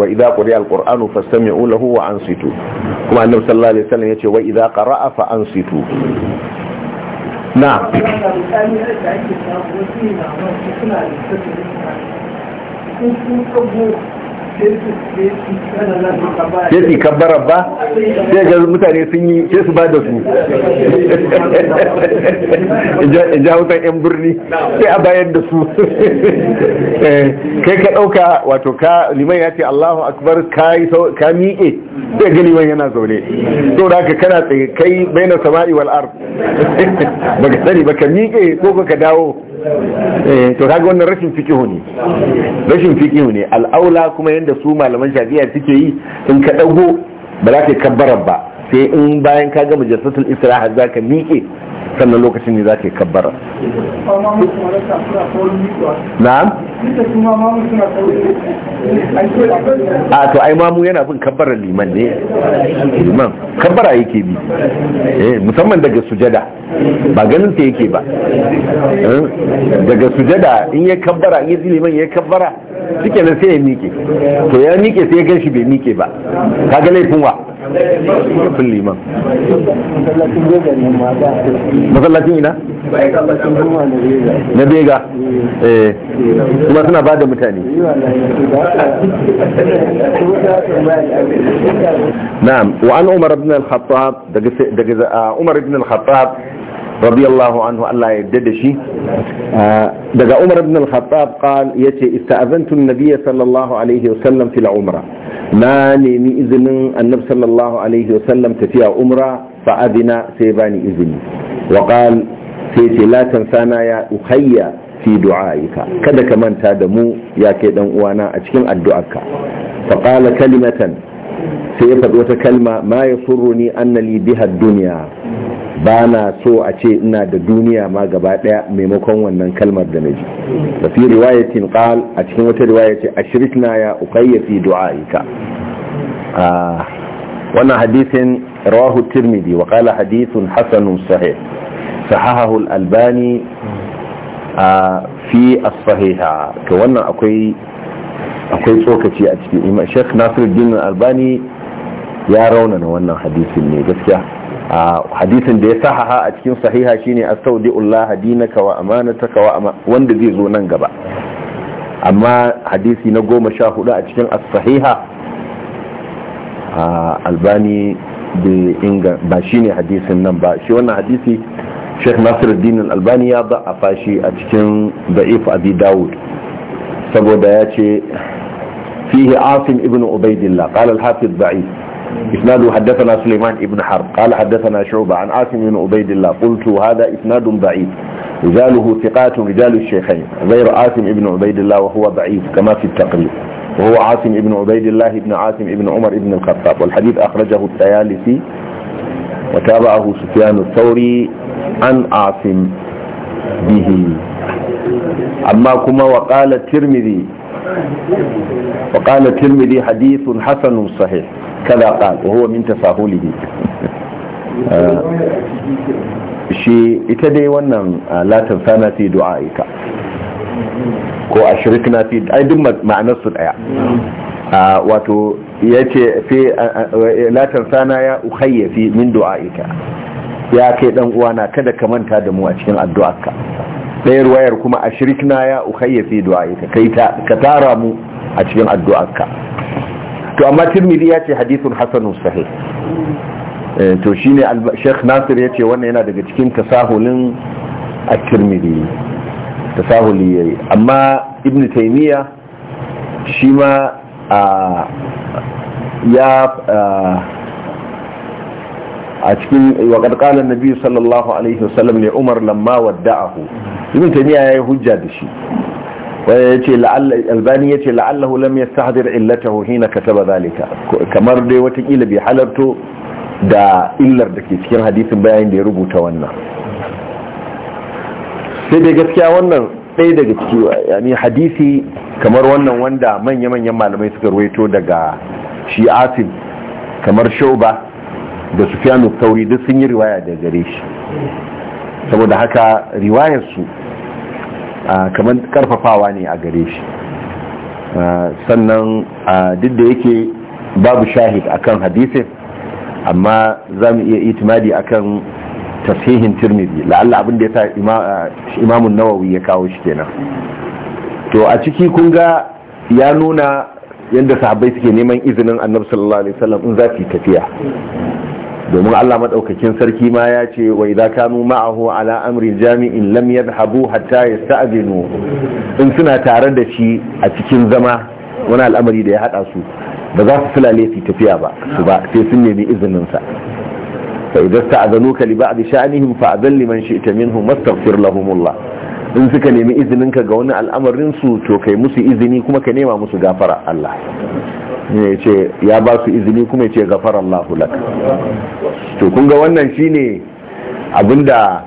idza wa fastami'u lahu wa ansitu kuma annabi sallallahu alaihi wasallam yace wa idza qara'a fa ansitu na sai su kabbara ba sai ga mutane sun yi sai su ba da su in ja wutan yan birni sai a bayar da su eh, kai ka ɗauka wato ka liman ya ce allahu akbar ka miƙe sai ga liman yana zaune to da ka kana tsaye kai bai na sama'i wal'ar. ba ka sani ba ka miƙe ko ka dawo Eh, to kaga wannan rashin fikihu ne rashin fikihu ne al'aula kuma yanda su malaman shafi'a suke yi in ka dago ba za ka kabbarar ba sai in bayan ka gama jasatul istiraha za ka miƙe sannan lokacin ne za ka yi kabbara na'am a to ai mamu yana bin kabbara liman ne liman kabbara yake bi eh, musamman daga sujada ba ganin ta yake ba eh, daga sujada in ya kabbara in yi liman ya kabbara suke nan sai ya miƙe to ya miƙe sai ya gan shi bai miƙe ba ka ga laifin wa kafin liman masallacin ina na bega kuma suna ba da mutane na'am wa an umar ibn al-khattab daga umar ibn al-khattab radiyallahu anhu Allah ya yarda da shi ah, daga Umar ibn al-Khattab qal yace ista'azantu an-nabiy sallallahu alaihi sallam fil umra na nemi izinin annab sallallahu alaihi sallam tafiya umra fa adina sai bani izini wa qal sai ce la tansana ya ukhayya fi du'aika kada ka manta da mu ya kai dan uwana a cikin addu'arka fa qala kalimatan sai ya faɗi wata kalma ma yasurruni anna li biha ad-dunya ba na so a ce ina da duniya ma gaba daya maimakon wannan kalmar da naji da fi riwayatin qal a cikin wata riwaya ce ashrikna ya uqayya fi du'aika ah, wannan hadithin rawahu tirmidhi wa qala hadithun hasanun sahih sahahahu al-albani ah, fi as-sahiha to wannan akwai akwai tsokaci a cikin imam Sheikh Nasiruddin Albani ya raunana wannan hadisin ne gaskiya a hadisin da ya sahaha a cikin sahiha shine astaudi'ullah dinaka wa amanataka wa wanda zai zo nan gaba amma hadisi na goma sha hudu a cikin as-sahiha albani inga ba shine hadisin nan ba shi wannan hadisi sheikh nasiruddin al-albani ya ba a fashi a cikin da'if abi dawud saboda ya ce fihi asim ibn ubaidillah qala al-hafiz da'if إسناد حدثنا سليمان ابن حرب قال حدثنا شعبة عن عاصم بن عبيد الله قلت هذا إسناد ضعيف رجاله ثقات رجال الشيخين غير عاصم ابن عبيد الله وهو ضعيف كما في التقريب وهو عاصم ابن عبيد الله ابن عاصم ابن عمر ابن الخطاب والحديث أخرجه التيالسي وتابعه سفيان الثوري عن عاصم به أما كما وقال الترمذي وقال الترمذي حديث حسن صحيح كذا قال وهو من تساهله shi ita dai wannan latin sana fi du'a'ika ko shirikina fi ai duk ma'anar su daya wato yace fi latin sana ya ukhayya fi min du'a'ika ya kai dan uwana kada ka manta da mu a cikin addu'arka ɗayar wayar kuma a na ya ukhayya fi du'a'ika kai ta ka tara mu a cikin addu'arka to amma tirmidhi ya ce hadithun hasanun sahih eh, to shine Sheikh Nasir ya ce wannan yana daga cikin tasahulin at-tirmidhi tasahuli yayi amma ibn taymiya shi ma ah, ya ah, a cikin wa na biyu sallallahu alaihi wasallam ne umar lamma ta niya ya yi hujja da shi yace ce albani ce la'allahu lam yastahdir illatahu hina kataba zalika kamar dai watakila bai halarto da illar da ke cikin hadisin bayan da ya rubuta wannan sai dai gaskiya wannan ɗaya daga ciki yani hadisi kamar wannan wanda manya-manyan malamai suka ruwaito daga shi kamar shoba da sufiyanu tauri duk sun yi riwaya da gare shi saboda haka riwayarsu kamar karfafawa ne a gare shi sannan duk da yake babu shahid akan hadisi, amma za mu iya itimadi akan tasihin tirmidhi la'alla abin da ya sa imamun nawawi ya kawo shi kenan to a ciki kun ga ya nuna yadda sahabbai suke neman izinin annabi sallallahu alaihi in za su tafiya domin Allah madaukakin sarki ma ya ce wa idza kanu ma'ahu ala amri jami'in lam yadhhabu hatta yasta'dinu in suna tare da shi a cikin zama wani al'amari da ya hada su ba za su filale su tafiya ba su ba sai sun nemi izinin sa fa idza ka li ba'd sha'nihim adall liman shi'ta minhum lahum Allah in suka nemi ka ga wani al'amarin su to kai musu izini kuma ka nema musu gafara Allah ya ce ya ba su izini kuma ya ce gafar Allah lak to kun ga wannan shine abinda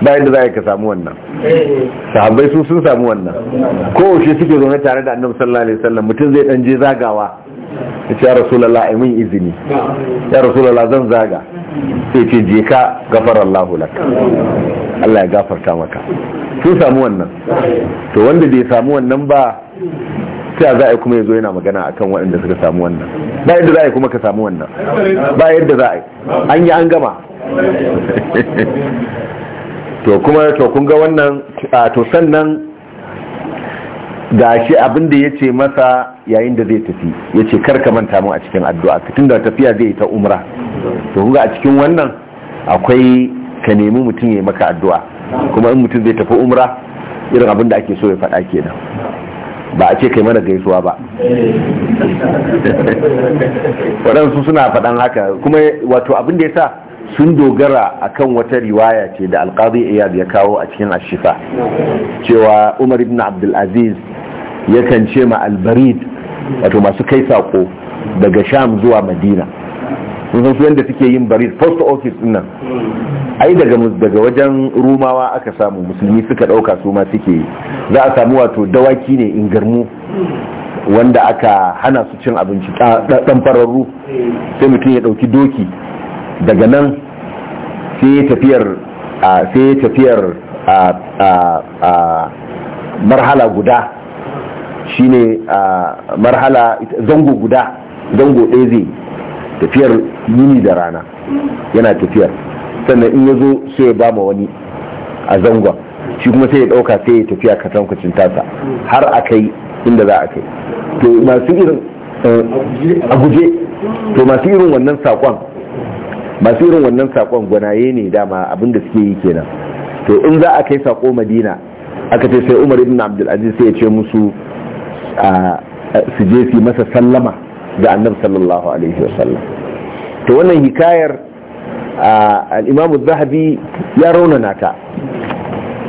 bayan da za ka samu wannan sahabbai su sun samu wannan kowace suke zaune tare da annabi sallallahu alaihi wasallam mutum zai dan je zagawa ya ce ya rasulullah ai min izini ya rasulullah zan zaga sai ce je ka gafar Allah Allah ya gafarta maka sun samu wannan to wanda bai samu wannan ba ta za a yi kuma yanzu yana magana a kan waɗanda suka samu wannan ba yadda za a yi kuma ka samu wannan ba yadda za a yi an yi an gama to kuma to kun ga wannan to sannan ga shi abin da ya ce masa yayin da zai tafi ya ce karka manta mu a cikin addu'a tun da tafiya zai ta umra to kun ga a cikin wannan akwai ka nemi mutum ya yi maka addu'a kuma in mutum zai tafi umra irin abin da ake so ya faɗa kenan ba a ce kai mana gaisuwa ba waɗansu suna faɗan haka kuma wato abin da ya sa sun dogara akan wata riwaya ce da alƙazi iyad ya kawo a cikin ashifa cewa umar ibn abdulaziz yakan ce ma albarid wato masu kai saƙo daga sham zuwa madina kusan su yadda suke yin bari. post office din nan ai daga daga wajen rumawa aka samu musulmi suka dauka su ma suke za a samu wato dawaki ne in garmu wanda aka hana su cin abinci dan fararru sai mutum ya dauki doki daga nan sai ya tafiyar sai ya tafiyar marhala guda shine marhala zango guda zango ɗaya zai tafiyar yini da rana yana tafiyar sannan in ya zo sai ya ba ma wani a zangon shi kuma sai ya dauka sai ya tafiya katankwacin tasa har a kai inda za a kai to masu irin eh, a guje to masu irin wannan sakon masu irin wannan sakon gwanaye ne dama abinda suke yi kenan to in za a kai sako madina aka ce sai umar ibn abdulaziz sai ya ce musu ah, su je su masa sallama da annab sallallahu alaihi wasallam to wannan hikayar al zahabi ya raunana ta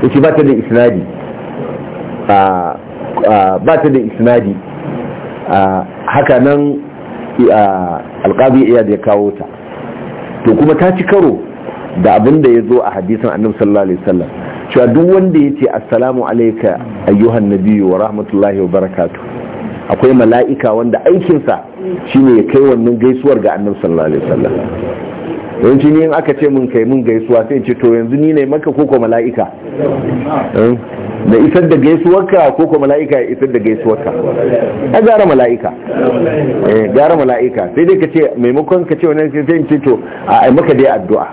yace ba ta da isnadi ba ta da isnadi haka nan alqabi ya kawo ta to kuma ta ci karo da abin da ya zo a hadisin annab sallallahu alaihi wasallam cewa duk wanda yace assalamu alayka ayyuhan nabiyyu wa rahmatullahi wa barakatuh akwai mala'ika wanda aikinsa shine ya kai wannan gaisuwar ga annabi sallallahu alaihi wasallam yawanci ni in aka ce mun kai mun gaisuwa sai ce to yanzu ni ne maka koko mala'ika eh, da isar da gaisuwarka koko mala'ika isar da gaisuwarka a gara mala'ika eh gara mala'ika sai dai ka ce maimakon ka ce wannan sai ce to a ai maka dai addu'a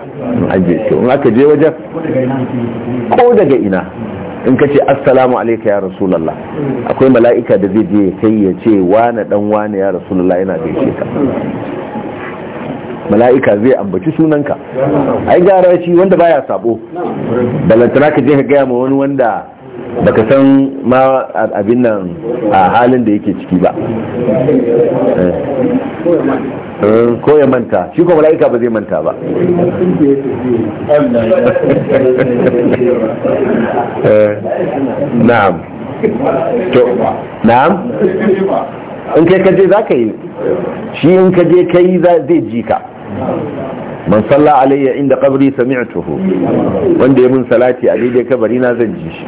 an je to in aka je wajen ko daga ina in ka ce assalamu alaika ya rasulallah akwai mala'ika da zai je kai ya ce wane dan wane ya rasulallah yana da gaishe ka mala'ika zai ambaci sunanka ai gara shi wanda baya sabo balantana ka je ka gaya ma wani wanda baka san ma abin nan a halin da yake ciki ba eh. Eh, ko ya manta shi kuma mala'ika ba zai manta ba eh, na'am to na'am in kai kaje za ka yi shi in kaje kai zai ji ka man salla alayya inda qabri sami'tuhu wanda ya mun salati a daidai kabari na zan ji shi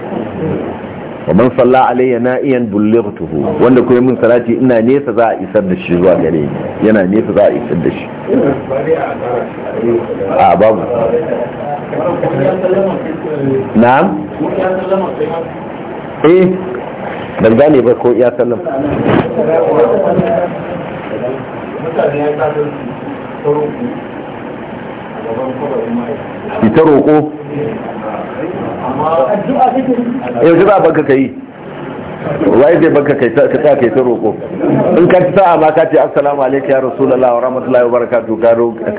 wa man salla alayya na'iyan bullightuhu wanda kuma mun salati ina nesa za a isar da shi zuwa gare ni yana nesa za a isar da shi a babu na'am eh ban gane ba ko iya sallama mutane ya ita roƙo eh, yanzu ba baka ka yi wai zai baka ka sa kai ta roƙo in ka ci sa'a ma ka ce assalamu alaikum ya rasu rasulullah wa rahmatullahi wa barakatuh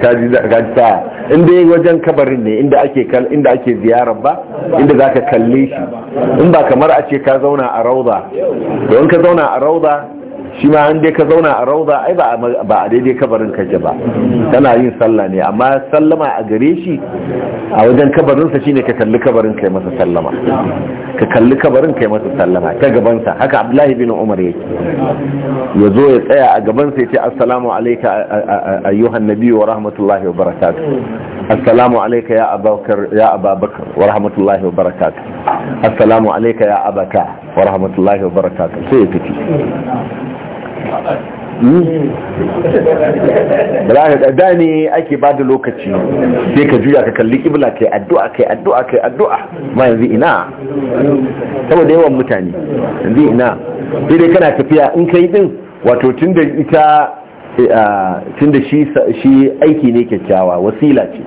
ka ji sa'a in dai wajen kabarin ne inda ake inda ziyarar ba inda za ka kalle shi in ba kamar a ce ka zauna a rauda don ka zauna a rauda shi ma an dai ka zauna a rauda, ai ba a daidai kabarin kaje ba Tana yin sallah ne amma sallama a gare shi a wajen kabarinsa shine ka kalli kabarin kai masa sallama ka kalli kabarin kai masa sallama ta gabansa haka abdullahi bin umar yake ya zo ya tsaya a gabansa ya ce assalamu alaika ayyuhan nabiyyu wa rahmatullahi wa barakatuh assalamu alaika ya abakar ya ababakar wa rahmatullahi wa barakatuh assalamu alaika ya abaka wa rahmatullahi wa barakatuh sai ya fiti da ne ake ba da lokaci sai ka juya ka kalli kibla kai addu'a kai addu'a kai addu'a ma yanzu ina saboda yawan mutane yanzu ina sai dai kana tafiya in kai din wato tun da ita eh, ah, tun da shi aiki ne kyakkyawa wasila ce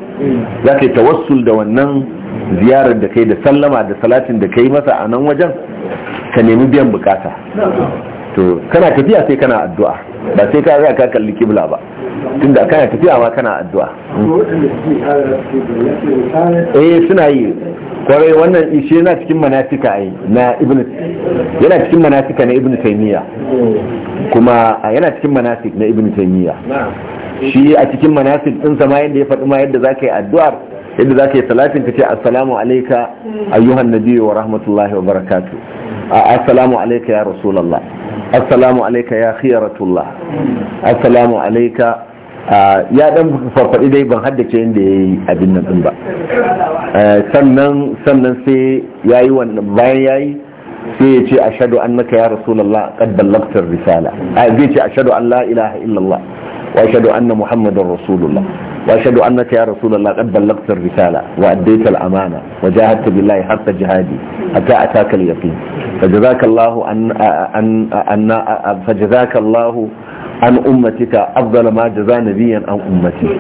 za ka yi tawassul da wannan ziyarar da kai da sallama da salatin da kai masa a nan wajen ka nemi biyan bukata to kana tafiya sai kana addu'a ba sai ka ka kalli kibla ba tunda kana tafiya ma kana addu'a eh suna yi kwarai wannan ishe yana cikin manafika ai na ibn yana cikin manafika na ibn taymiya kuma yana cikin manafik na ibn taymiya shi a cikin manafik din zama yadda yanda ya faɗi ma yadda zaka yi addu'ar yadda za ka yi salatin ka ce assalamu alaika ayyuhan biyu wa rahmatullahi wa barakatu assalamu alaika ya rasulallah assalamu alaika ya khiyaratullah assalamu alaika ya dan farfadi dai ban haddace yadda ya yi abin nan ba sannan sannan sai ya yi wannan bayan ya yi sai ya ce ashadu annaka ya rasulallah qad ballagta risala zai ce ashadu an la ilaha illallah وأشهد أن محمدا رسول الله وأشهد أنك يا رسول الله قد بلغت الرسالة وأديت الأمانة وجاهدت بالله حق جهادي حتى أتاك اليقين فجزاك الله أن, أن, أن, أن فجزاك الله عن أمتك أفضل ما جزى نبيا عن أمتي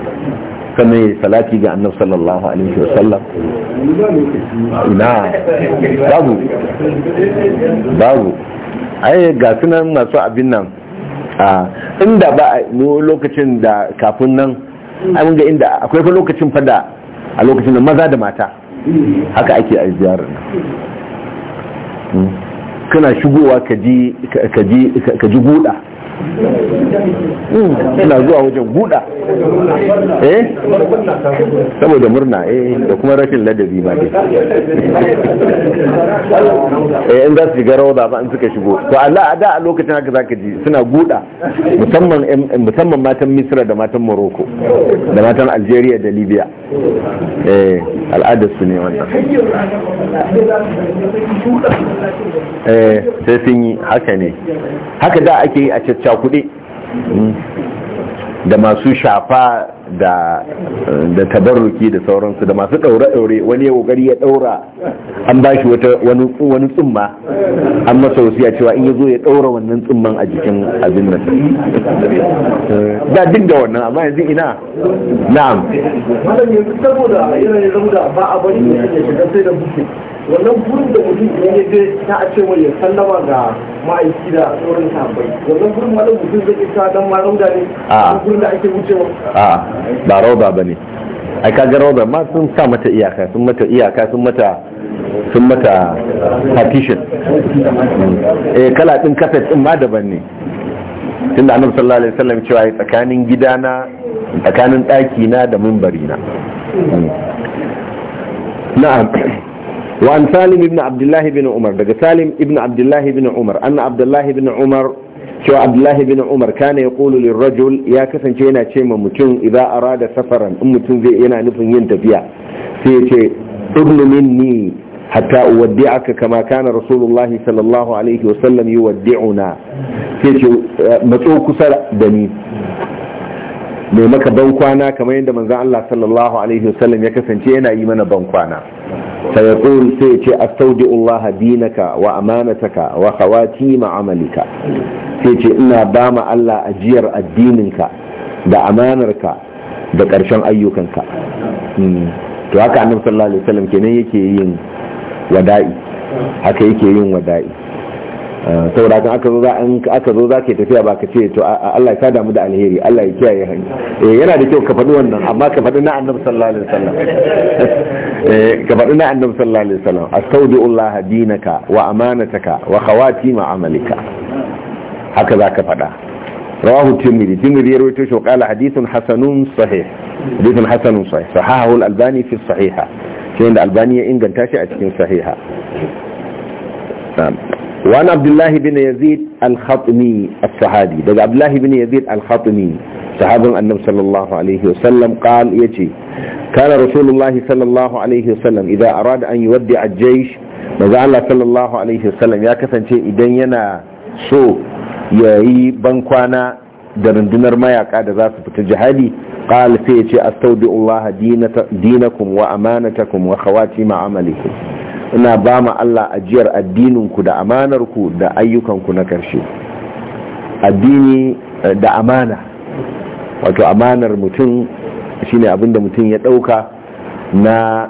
كما صلاتي ga annabi sallallahu alaihi wasallam ina babu babu ai ga sunan masu abin nan inda ba mu lokacin da kafin nan a mun ga inda akwai fa lokacin fa a lokacin da maza da mata haka ake a ziyarar nan hmm. kana shigowa ka ji ka guda suna hmm, zuwa wajen buɗa eh saboda murna eh da kuma rashin ladabi ma dai eh in za su shiga da ba in suka shigo to Allah a da a lokacin haka zaka ji suna buɗa musamman eh, musamman matan Misra da matan Morocco da matan Algeria da Libya eh al'adarsu ne wanda eh sai sun yi haka ne haka da ake yi a cacca kuɗi hmm. da masu shafa da tabarruki da sauransu da masu ɗaure-ɗaure wani ya ƙoƙari ya ɗaura an ba shi wani tsumma an masa ya cewa in ya zo ya ɗaura wannan tsumman a jikin abin nan da duk da wannan amma yanzu ina na'am saboda ba a bari da shiga sai da wannan gurin da mutum ya ya zai ta a ce ya sallama ga ma'aiki da tsoron sahabbai wannan gurin ma mutum zai isa dan ma rauda ne a gurin da ake wucewa a ba rauda ba ne ai kaga rauda ma sun sa mata iyaka sun mata iyaka sun mata sun mata partition mm. eh kala din kafet din ma daban ne tunda annabi sallallahu alaihi wasallam cewa tsakanin gidana tsakanin daki na da mimbari na mm. na'am وعن سالم بن عبد الله بن عمر دقى سالم بن عبد الله بن عمر أن عبد الله بن عمر شو عبد الله بن عمر كان يقول للرجل يا كسن شينا شيما متون إذا أراد سفرا أم متون زي ينا نفن ينتفيا سيشي ابن مني حتى أودعك كما كان رسول الله صلى الله عليه وسلم يودعنا سيشي مسؤوك سر دني mai maka bankwana kamar yadda manzan Allah sallallahu Alaihi wasallam ya kasance yana yi mana bankwana فيقول سيتي أستودع الله دينك وأمانتك وخواتيم عملك سيتي إنا بام ألا أجير الدينك da amanarka da ƙarshen ayyukanka to haka annabi sallallahu alaihi wasallam kenan yake ودائي هكا يكي yake yin wada'i saboda kan aka zo za an aka zo za ka tafiya ba ka ce to Allah ya damu da alheri Allah ya kiyaye hanya eh yana da kyau ka faɗi wannan amma ka faɗi na annabi sallallahu alaihi wasallam Eh, gabaɗi na annabi sallallahu alaihi wasallam astaudi'ullah dinaka wa amanataka wa khawatima amalika haka zaka faɗa rawahu tirmidhi tirmidhi yarwayo shi qala hadithun hasanun sahih hadithun hasanun sahih sahahahu al-albani fi sahiha shi wanda albani ya inganta shi a cikin sahiha وعن عبد الله بن يزيد الخطمي الصحابي ده عبد الله بن يزيد الخطمي صحابي النبي صلى الله عليه وسلم قال يجي كان رسول الله صلى الله عليه وسلم إذا أراد أن يودع الجيش مزعل صلى الله عليه وسلم يا كسن شيء إذن ينا سو يأي بنكوانا درندنر ما يقعد ذات بتجهالي قال سيجي أستودع الله دينكم وأمانتكم وخواتي عملكم ina ba ma Allah ajiyar addininku da amanarku da ayyukanku na ƙarshe addini eh, da amana wato amanar mutum shine abinda mutum ya ɗauka na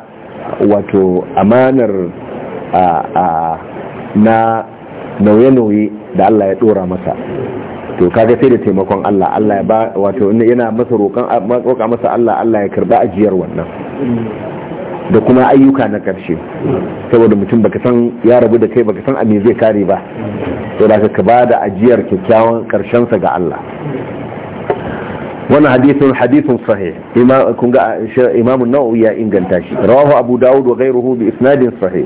wato amanar na nauye-nauye da Allah ya ɗora masa to kaga sai da taimakon Allah Allah ya ba wato yana masa roƙon masa Allah Allah ya karba ajiyar wannan da kuma ayyuka na ƙarshe saboda mutum baka san ya rabu da kai baka san a me zai kare ba to da ka ba da ajiyar kyakkyawan sa ga Allah wannan hadithun hadithun sahih kun ga an nawawi ya inganta shi rawahu abu daud wa ghayruhu bi isnadin sahih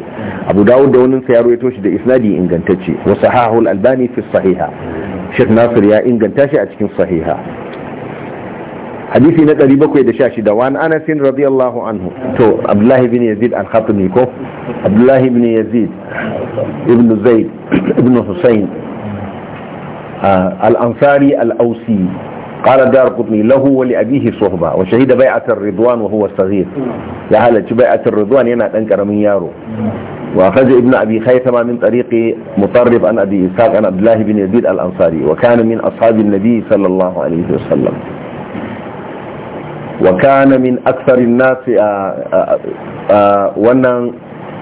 abu daud da wani ya rawaito shi da isnadi ingantacce wa sahahu al-albani fi sahiha Nasir ya inganta shi a cikin sahiha حديثي hadisi na 716 wan anas radiyallahu anhu to abdullahi bin yazid al-khatmi ko عبد الله بن يزيد ابن زيد ابن حسين آه الأنصاري الأوسي قال دار قطني له ولأبيه صحبة وشهد بيعة الرضوان وهو صغير يا هلا بيعة الرضوان ينا تنكر من يارو وأخرج ابن أبي خيثمة من طريق مطرب عن أبي إسحاق عن عبد الله بن يزيد الأنصاري وكان من أصحاب النبي صلى الله عليه وسلم وكان من أكثر الناس آه، آه، آه، وأن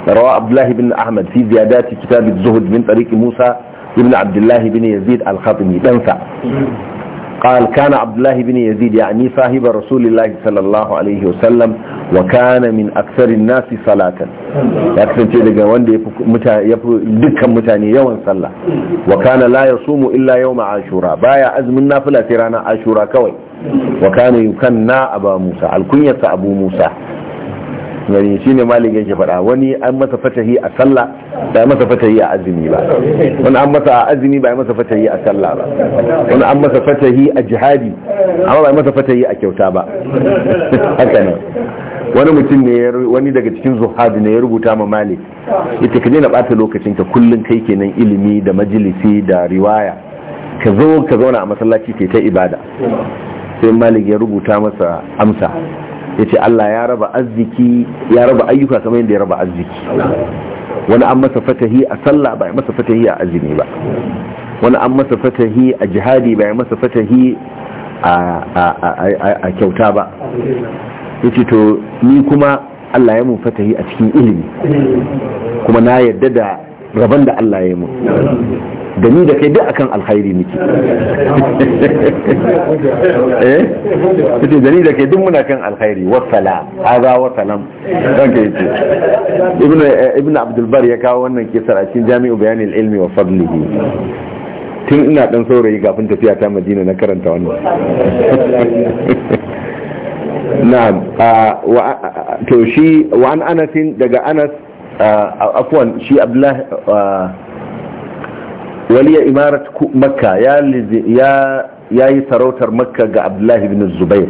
رواء عبد الله بن أحمد في زيادات كتاب الزهد من طريق موسى بن عبد الله بن يزيد الخاطمي تنفع قال كان عبد الله بن يزيد يعني صاحب رسول الله صلى الله عليه وسلم وكان من أكثر الناس صلاة أكثر تلك وند دكا متاني يوم صلى وكان لا يصوم إلا يوم عاشوراء بايا أزم النافلة ترانا عاشوراء كوي وكان يكنى أبا موسى الكنية أبو موسى gani shi ne malik yake faɗa wani an masa fatahi a sallah ba ya masa fatahi a azumi ba wani an masa a azumi ba ya masa fatahi a sallah ba wani an masa fatahi a jihadi amma ba ya masa fatahi a kyauta ba haka ne wani mutum ne wani daga cikin zuhadi ne ya rubuta ma malik ita ka na bata lokacin ka kullum kai kenan ilimi da majalisi da riwaya ka zo ka zauna a masallaci ke ta ibada sai malik ya rubuta masa amsa ya ce Allah ya raba arziki ya raba ayyuka kamar yadda ya raba arziki wani an masa fatahi a sallah ba ya masa fatahi a azumi ba wani an masa fatahi a jihadi ba ya masa fatahi a kyauta ba ya ce to ni kuma Allah ya mun fatahi a cikin ilimi kuma na yadda da rabon da Allah ya mun da ni da kai duk akan alkhairi muke eh kace da ni da kai duk muna kan alkhairi wa salam hada wa salam dan kai ce ibn eh, ibn abdul bar ya kawo wannan kisar a cikin jami'u bayanil ilmi wa fadlihi tun ina dan saurayi kafin tafiya ta madina na karanta wannan na'am to shi wa an anas daga anas afwan shi abdullah waliya imarat makka ya yi sarautar makka ga abdullahi bin zubair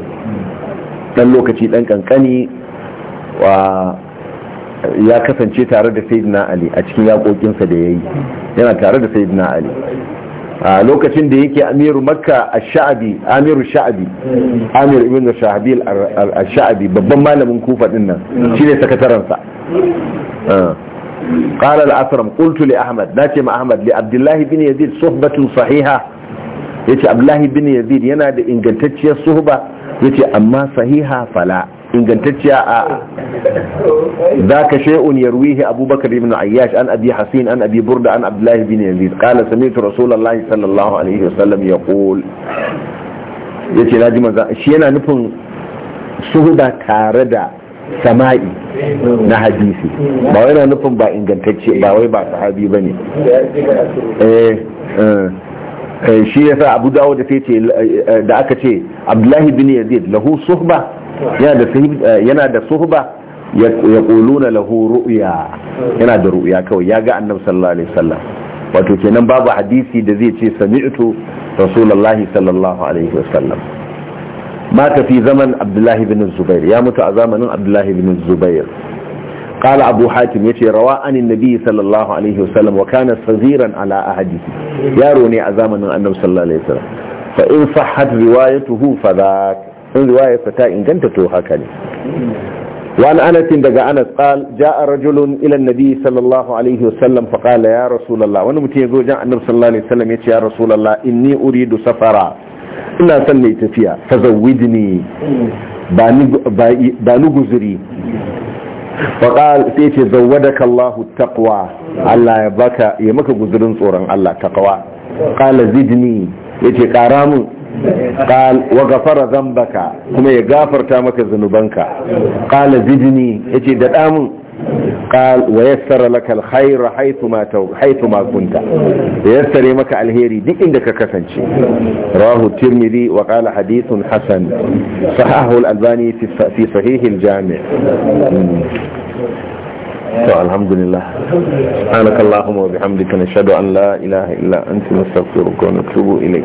dan lokaci dan kankani ya kasance tare da sayyidina ali a cikin yakokinsa da ya yi yana tare da sayyidina ali a lokacin da yake amiru makka a sha'abi amiru sha'abi amiru ibn sha'abi a sha'abi babban malamin kufa din nan shine sakatarensa ah. qala al-asram qultu li ahmad nace ma ahmad li abdullah bin yazid suhbatun sahiha yace abdullah bin yazid yana da ingantacciyar suhba yace amma sahiha fala ingantacciya a ذاك شيء يرويه أبو بكر بن عياش عن أبي حسين عن أبي بردة عن عبد الله بن يزيد قال سمعت رسول الله صلى الله عليه وسلم يقول يتي ناجي مزا شي yana nufin suhuda tare da sama'i na hadisi ba wai na nufin ba ingantacce ba wai ba sahabi ba ne eh, eh, eh, shi ya sa abu dawo da ce da aka ce abdullahi bin yazid lahu suhba yana da suhba ya na lahu ru'ya yana da ru'ya kawai ya ga annabi sallallahu alaihi wasallam wato kenan babu hadisi da zai ce sami'tu rasulullahi sallallahu alaihi wasallam mata fi zaman abdullahi bin zubair ya mutu a zamanin abdullahi bin zubair قال أبو حاتم يتي روا عن النبي صلى الله عليه وسلم وكان صغيرا على أحده ياروني أزامنا النبي صلى الله عليه وسلم فإن صحت روايته فذاك إن رواية فتا إن كنت توهكني وعن أنس دقى أنس قال جاء رجل إلى النبي صلى الله عليه وسلم فقال يا رسول الله ونمتي يقول جاء النبي صلى الله عليه وسلم يتي يا رسول الله إني أريد سفرا ina son ne tafiya fa zawwijni ba ni guzuri faƙal sai ce zawwadaka Allahu taqwa Allah ya baka ya maka guzurin tsoron Allah taqwa qala zidni yace ƙara mun wa gafara zambaka kuma ya gafarta maka zanubanka qala zidni yace da damun qal wa yassara laka alkhayra haythu ma taw haythu maka alheri duk inda ka kasance rawahu tirmidhi wa qala hadithun hasan sahahu a albani fi sahih al-jami' to